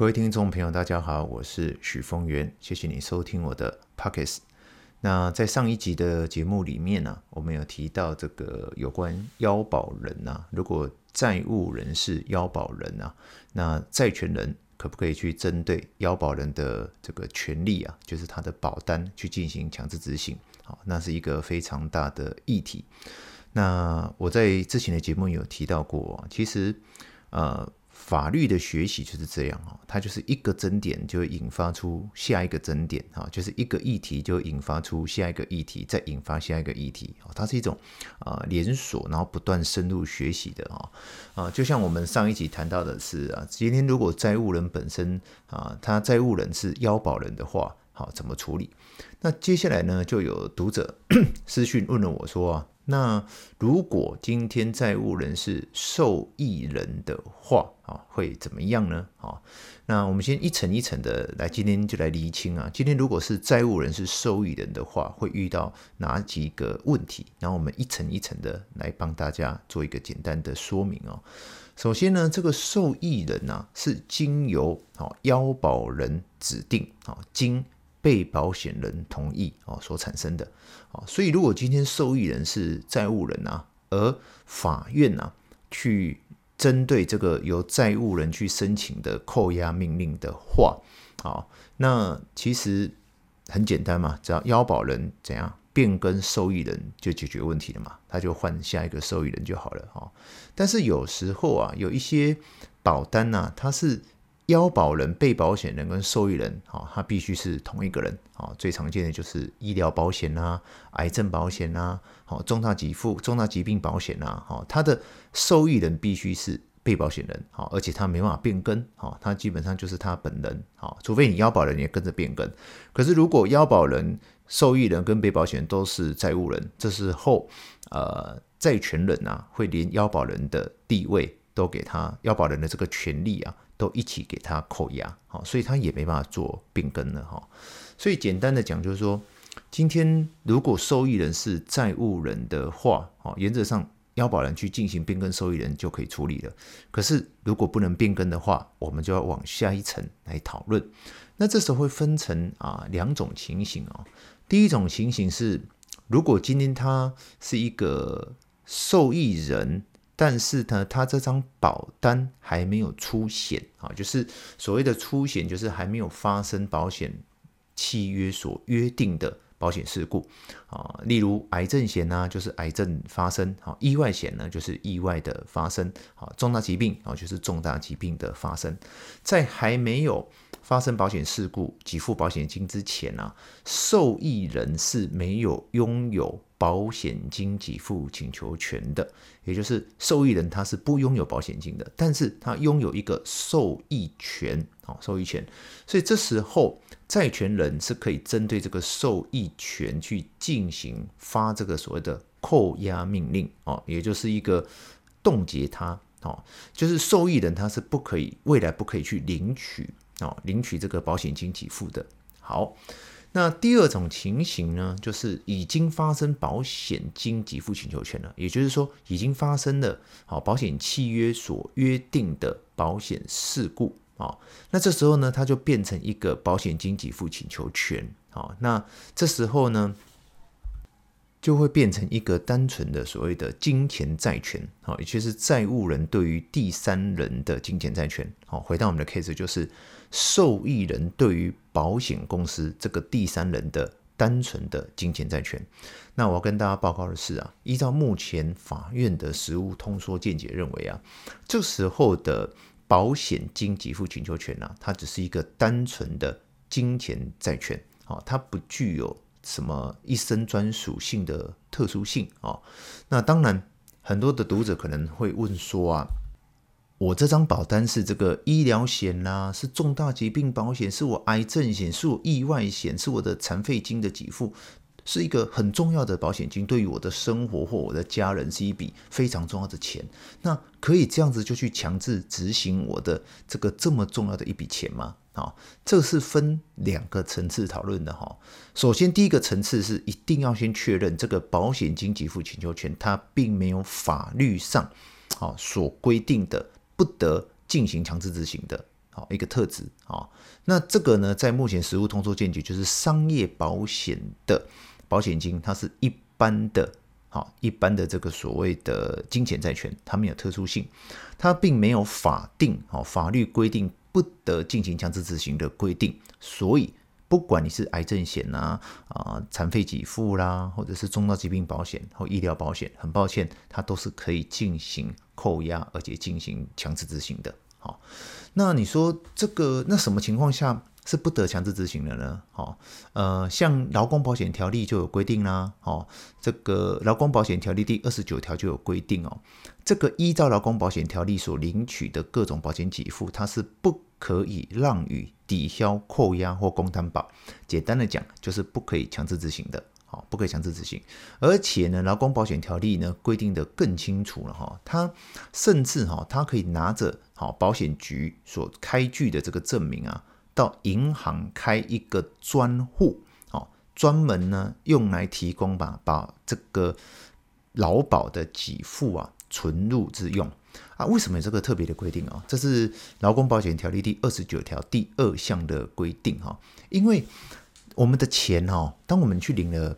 各位聽眾朋友，大家好，我是許峰源，謝謝你收聽我的 Podcast。那在上一集的節目裡面呢、啊，我們有提到這個有關要保人吶、啊，如果債務人是要保人、啊、那債權人可不可以去針對要保人的這個權利啊，就是他的保單去進行強制執行？好，那是一個非常大的議題。那我在之前的節目有提到過、啊，其實呃。法律的學習就是這樣哦，它就是一個爭點就會引發出下一個爭點啊，就是一個議題就會引發出下一個議題，再引發下一個議題，它是一種啊連鎖，然後不斷深入學習的啊啊，就像我們上一集談到的是啊，今天如果債務人本身啊，他債務人是要保人的話，好怎麼處理？那接下來呢，就有讀者 私訊問了我說。那如果今天債務人是受益人的話，啊，會怎麼樣呢？啊，那我們先一層一層的來，今天就來釐清啊。今天如果是債務人是受益人的話，會遇到哪幾個問題？然後我們一層一層的來幫大家做一個簡單的說明哦。首先呢，這個受益人啊，是經由啊，要保人指定啊，經。被保險人同意哦，所產生的哦，所以如果今天受益人是債務人呢，啊，而法院呢，啊、去針對這個由債務人去申請的扣押命令的話，啊，那其實很簡單嘛，只要要保人怎樣變更受益人就解決問題了嘛，他就換下一個受益人就好了啊。但是有時候啊，有一些保單呢，啊，它是。要保人、被保險人跟受益人，哦、他必須是同一個人、哦，最常見的就是醫療保險啊、癌症保險啊、好、哦、重大疾付、重大疾病保險啊、哦，他的受益人必須是被保險人、哦，而且他沒辦法變更、哦，他基本上就是他本人，哦、除非你要保人也跟着變更。可是如果要保人、受益人跟被保險人都是債務人，這時候，呃，債權人啊會連要保人的地位都給他，要保人的這個權利啊。都一起給他扣押，所以他也沒辦法做變更了。所以簡單的講，就是說，今天如果受益人是債務人的話，原則上，要保人去進行變更受益人就可以處理了。可是如果不能變更的話，我們就要往下一層來討論。那這時候會分成啊、呃、兩種情形哦。第一種情形是，如果今天他是一個受益人。但是呢，他這張保單還沒有出險啊，就是所謂的出險，就是還沒有發生保險契約所約定的保險事故啊，例如癌症險呢，啊，就是癌症發生；意外險呢，就是意外的發生；重大疾病啊，就是重大疾病的發生，在還沒有。發生保險事故，給付保險金之前呢，啊，受益人是沒有擁有保險金給付請求權的，也就是受益人他是不擁有保險金的，但是他擁有一個受益權，受益權。所以這時候債權人是可以針對這個受益權去進行發這個所謂的扣押命令，哦，也就是一個凍結他，哦，就是受益人他是不可以未來不可以去領取。啊、哦，領取這個保險金給付的。好，那第二種情形呢，就是已經發生保險金給付請求權了，也就是說，已經發生了好、哦、保險契約所約定的保險事故哦，那這時候呢，它就變成一個保險金給付請求權哦，那這時候呢，就會變成一個單純的所謂的金錢債權啊、哦，也就是債務人對於第三人的金錢債權。好、哦，回到我們的 case 就是。受益人對於保險公司這個第三人的單純的金錢債權，那我要跟大家報告的是啊，依照目前法院的實務通說見解認為啊，這時候的保險金給付請求權啊，它只是一個單純的金錢債權，啊，它不具有什麼一身專屬性的特殊性啊。那當然，很多的讀者可能會問說啊。我這張保單是這個醫療險啦、啊，是重大疾病保險，是我癌症險，是我意外險，是我的殘廢金的給付，是一個很重要的保險金，對於我的生活或我的家人是一筆非常重要的錢。那可以這樣子就去強制執行我的這個這麼重要的一筆錢嗎？啊，這是分兩個層次討論的哈。首先，第一個層次是一定要先確認這個保險金給付請求權，它並沒有法律上啊所規定的。不得進行強制執行的，好一個特質啊。那這個呢，在目前實務通說見解，就是商業保險的保險金，它是一般的，好一般的這個所謂的金錢債權，它沒有特殊性，它並沒有法定哦，法律規定不得進行強制執行的規定，所以。不管你是癌症險吶啊，殘、呃、廢給付啦、啊，或者是重大疾病保險或醫療保險，很抱歉，它都是可以進行扣押，而且進行強制執行的。好、哦，那你說這個那什麼情況下是不得強制執行的呢？好、哦，呃，像勞工保險條例就有規定啦、啊。好、哦，這個勞工保險條例第二十九條就有規定哦。這個依照勞工保險條例所領取的各種保險給付，它是不可以讓與抵銷扣押或供擔保。簡單的講，就是不可以強制執行的。好，不可以強制執行。而且呢，勞工保險條例呢規定得更清楚了哈。它甚至哈，它可以拿着保險局所開具的這個證明啊，到銀行開一個專戶，好，專門呢用來提供吧，把這個勞保的給付啊，存入自用啊。為什麼有這個特別的規定啊？這是勞工保險條例第二十九條第二項的規定哈。因為我們的錢哈，當我們去領了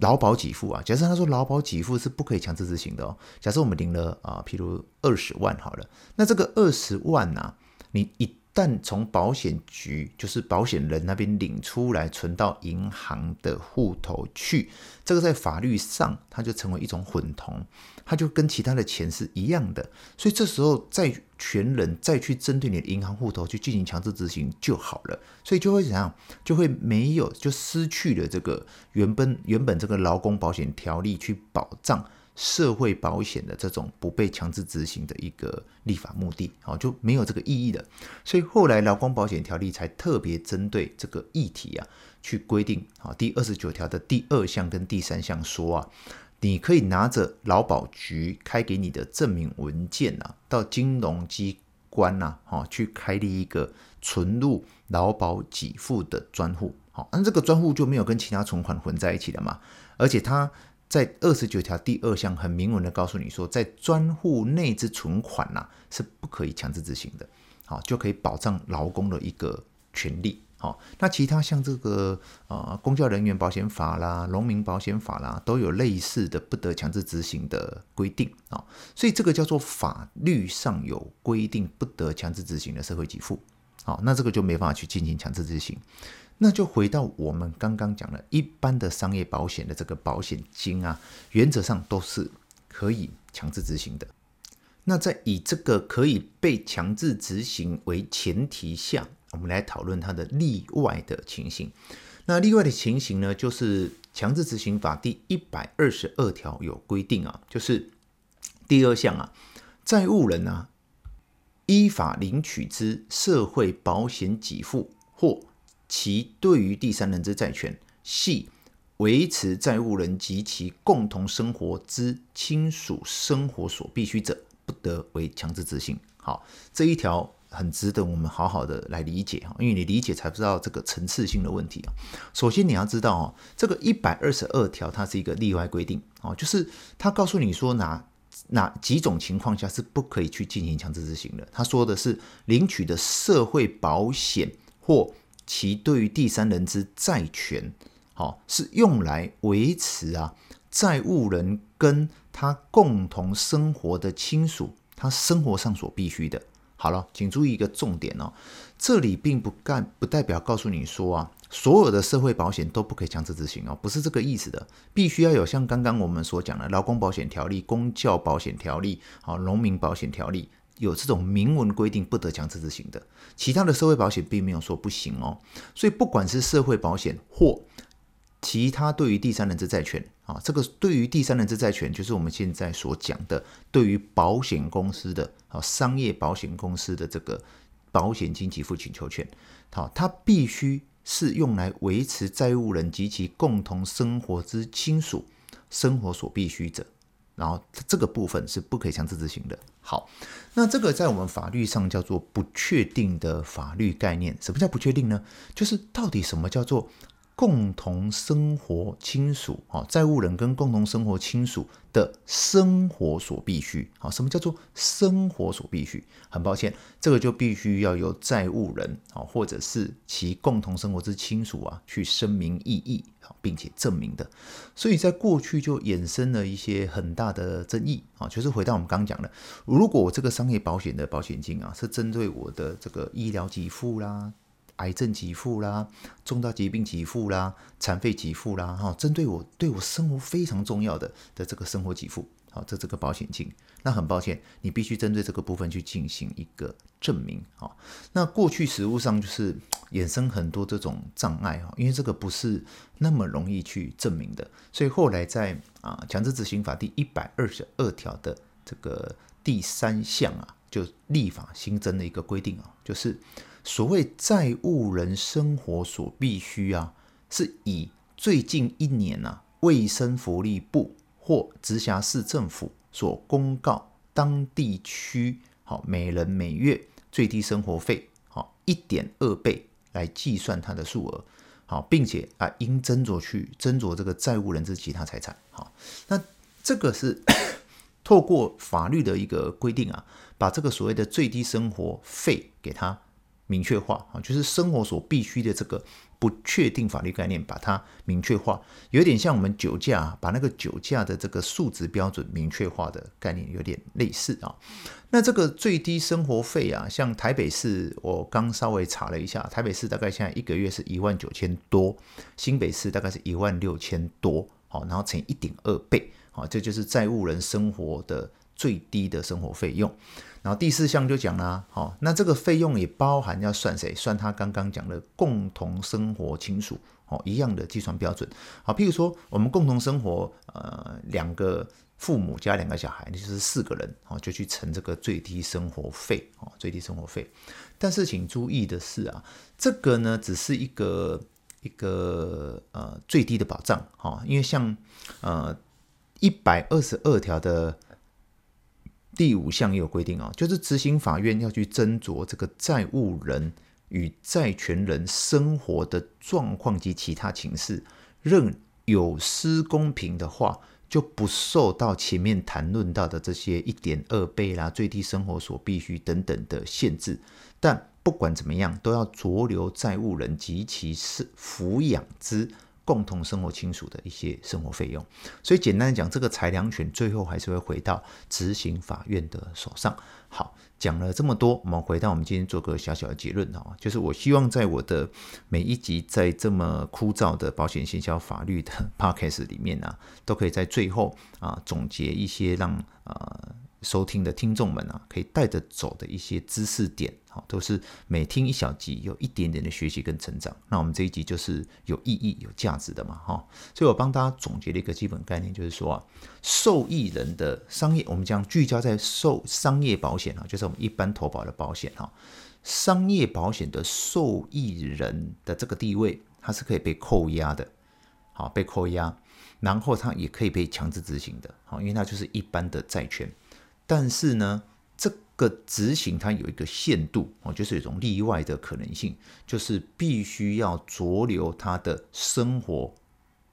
勞保給付啊，假設他說勞保給付是不可以強制執行的哦。假設我們領了啊，譬如二十萬好了，那這個二十萬吶、啊，你一定但從保險局，就是保險人那邊領出來存到銀行的戶頭去，這個在法律上它就成為一種混同，它就跟其他的錢是一樣的，所以這時候債權人再去針對你的銀行戶頭去進行強制執行就好了，所以就會怎樣，就會沒有就失去了這個原本原本這個勞工保險條例去保障社會保險的這種不被強制執行的一個立法目的啊，就沒有這個意義的。所以後來勞工保險條例才特別針對這個議題啊，去規定好，第二十九條的第二項跟第三項說啊，你可以拿着勞保局開給你的證明文件吶、啊，到金融機關吶，哈，去開立一個存入勞保給付的專戶，好，那這個專戶就沒有跟其他存款混在一起了嘛，而且它。在二十九條第二項很明文的告訴你說，在專戶內之存款吶、啊、是不可以強制執行的，好、哦、就可以保障勞工的一個權利，好、哦，那其他像這個啊、呃，公教人員保險法啦、農民保險法啦，都有類似的不得強制執行的規定啊、哦，所以這個叫做法律上有規定不得強制執行的社會給付，好、哦，那這個就沒辦法去進行強制執行。那就回到我們剛剛講的，一般的商業保險的這個保險金啊，原則上都是可以強制執行的。那在以這個可以被強制執行為前提下，我們來討論它的例外的情形。那例外的情形呢，就是《強制執行法》第一百二十二條有規定啊，就是第二項啊，債務人啊依法領取之社會保險給付或其對於第三人之債權，係維持債務人及其共同生活之親屬生活所必須者，不得為強制執行。好，這一條很值得我們好好的來理解，因為你理解才不知道這個層次性的問題啊。首先你要知道啊，這個一百二十二條它是一個例外規定，就是它告訴你說哪哪幾種情況下是不可以去進行強制執行的。他說的是領取的社會保險或其對於第三人之債權，好是用來維持啊債務人跟他共同生活的親屬，他生活上所必須的。好了，請注意一個重點哦，這裡並不干不代表告訴你說啊，所有的社會保險都不可以強制執行哦，不是這個意思的，必須要有像剛剛我們所講的勞工保險條例、公教保險條例、好農民保險條例。有這種明文規定不得強制執行的，其他的社會保險並沒有說不行哦。所以不管是社會保險或其他對於第三人之債權啊，這個對於第三人之債權，就是我們現在所講的對於保險公司的啊，商業保險公司的這個保險金給付請求權，好，它必須是用來維持債務人及其共同生活之親屬生活所必須者。然後這個部分是不可以強制執行的。好，那這個在我們法律上叫做不確定的法律概念。什麼叫不確定呢？就是到底什麼叫做？共同生活親屬啊，債務人跟共同生活親屬的生活所必需啊，什麼叫做生活所必需？很抱歉，這個就必須要由債務人啊，或者是其共同生活之親屬啊，去聲明異議啊，並且證明的。所以在過去就衍生了一些很大的爭議啊，就是回到我們剛剛講的，如果我這個商業保險的保險金啊，是針對我的這個醫療給付啦。癌症給付啦，重大疾病給付啦，殘廢給付啦，哈，針對我對我生活非常重要的的這個生活給付，好、哦，這這個保險金，那很抱歉，你必須針對這個部分去進行一個證明，啊、哦，那過去實務上就是衍生很多這種障礙，哈、哦，因為這個不是那麼容易去證明的，所以後來在啊、呃、強制執行法第一百二十二條的這個第三項啊，就立法新增的一個規定啊、哦，就是。所謂債務人生活所必需啊，是以最近一年吶、啊、衛生福利部或直轄市政府所公告當地區好，每人每月最低生活費好一點二倍來計算它的數額好，並且啊應斟酌去斟酌這個債務人之其他財產好，那這個是 透過法律的一個規定啊，把這個所謂的最低生活費給他，明確化啊，就是生活所必須的這個不確定法律概念，把它明確化，有點像我們酒駕啊，把那個酒駕的這個數值標準明確化的概念有點類似啊。那這個最低生活費啊，像台北市，我剛稍微查了一下，台北市大概現在一個月是一萬九千多，新北市大概是一萬六千多，好，然後乘以一點二倍，好，這就是債務人生活的。最低的生活費用，然後第四項就講啦，好、哦，那這個費用也包含要算誰？算他剛剛講的共同生活親屬，哦，一樣的計算標準，好，譬如說我們共同生活，呃，兩個父母加兩個小孩，那就是四個人，哦，就去乘這個最低生活費，哦，最低生活費。但是請注意的是啊，這個呢，只是一個一個呃最低的保障，好、哦，因為像呃一百二十二條的。第五項也有規定啊，就是執行法院要去斟酌這個債務人與債權人生活的狀況及其他情事，認有失公平的話，就不受到前面談論到的這些一點二倍啦、最低生活所必需等等的限制。但不管怎麼樣，都要酌留債務人及其是扶養之。共同生活親屬的一些生活費用，所以簡單的講，這個裁量權最後還是會回到執行法院的手上。好，講了這麼多，我們回到我們今天做個小小的結論啊，就是我希望在我的每一集在這麼枯燥的保險行銷法律的 Podcast 裡面呢、啊，都可以在最後啊總結一些讓呃。收聽的聽眾們啊，可以帶着走的一些知識點，好，都是每聽一小集有一點點的學習跟成長。那我們這一集就是有意義、有價值的嘛，哈。所以我幫大家總結了一個基本概念，就是說啊，受益人的商業，我們將聚焦在受商業保險啊，就是我們一般投保的保險哈、啊。商業保險的受益人的這個地位，它是可以被扣押的，好，被扣押，然後它也可以被強制執行的，好，因為它就是一般的債權。但是呢，這個執行它有一個限度，哦，就是有一種例外的可能性，就是必須要酌留他的生活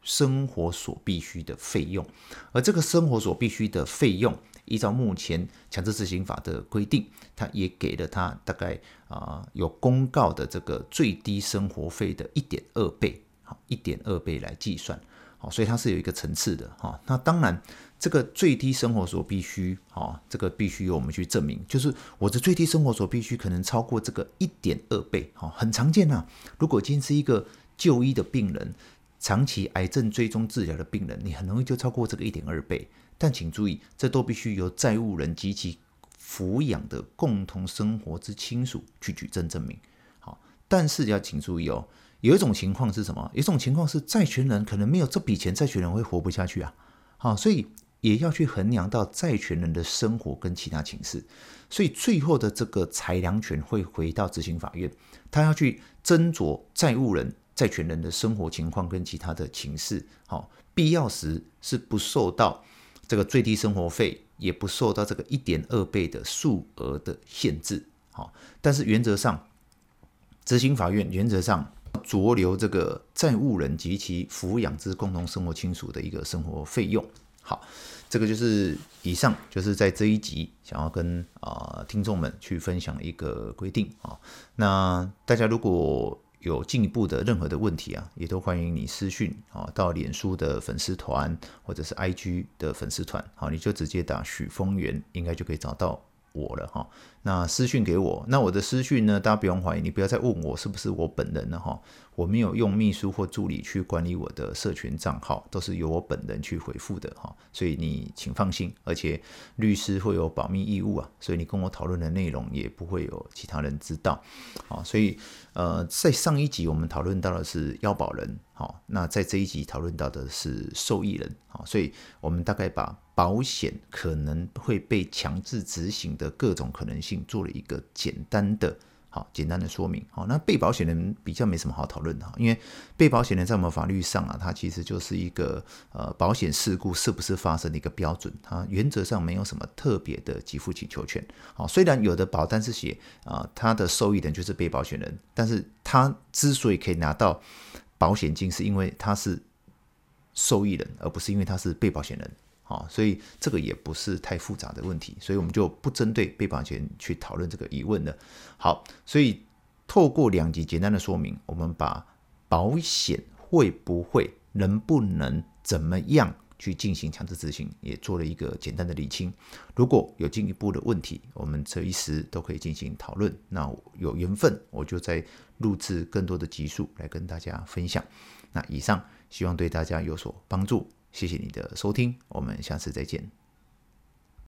生活所必需的費用，而這個生活所必需的費用，依照目前強制執行法的規定，它也給了他大概啊、呃、有公告的這個最低生活費的一點二倍，一點二倍來計算，好，所以它是有一個層次的哈，那當然。這個最低生活所必須，哦，這個必須由我們去證明。就是我的最低生活所必須，可能超過這個一點二倍，哈、哦，很常見吶、啊。如果今天是一個就醫的病人，長期癌症追蹤治療的病人，你很容易就超過這個一點二倍。但請注意，這都必須由債務人及其撫養的共同生活之親屬去舉證證明。好、哦，但是要請注意哦，有一種情況是什麼？有一種情況是，債權人可能沒有這筆錢，債權人會活不下去啊，好、哦，所以。也要去衡量到債權人的生活跟其他情勢。所以最後的這個裁量權會回到執行法院，他要去斟酌債務人、債權人的生活情況跟其他的情勢。好，必要時是不受到這個最低生活費，也不受到這個一點二倍的數額的限制。好，但是原則上，執行法院原則上酌留這個債務人及其撫養之共同生活親屬的一個生活費用。好，這個就是以上，就是在這一集想要跟啊、呃、聽眾們去分享一個規定啊、哦。那大家如果有進一步的任何的問題啊，也都歡迎你私訊啊、哦、到臉書的粉絲團或者是 IG 的粉絲團啊，你就直接打許峰源，應該就可以找到，我了哈，那私訊給我，那我的私訊呢？大家不用懷疑，你不要再問我是不是我本人了哈。我沒有用秘書或助理去管理我的社群賬號，都是由我本人去回復的哈。所以你請放心，而且律師會有保密義務啊，所以你跟我討論的內容也不會有其他人知道。好，所以呃，在上一集我們討論到的是要保人，好，那在這一集討論到的是受益人，好，所以我們大概把。保險可能會被強制執行的各種可能性，做了一個簡單的、好簡單的說明。好，那被保險人比較沒什麼好討論的哈，因為被保險人在我們法律上啊，它其實就是一個呃，保險事故是不是發生的一個標準。它原則上沒有什麼特別的給付請求權。好，雖然有的保單是寫啊，它、呃、的受益人就是被保險人，但是他之所以可以拿到保險金，是因為他是受益人，而不是因為他是被保險人。好，所以這個也不是太複雜的問題，所以我們就不針對被保險人去討論這個疑問了。好，所以透過兩集簡單的說明，我們把保險會不會、能不能、怎麼樣去進行強制執行，也做了一個簡單的理清。如果有進一步的問題，我們這一時都可以進行討論。那有緣分，我就再錄製更多的集數來跟大家分享。那以上希望對大家有所幫助。謝謝你的收聽，我們下次再見。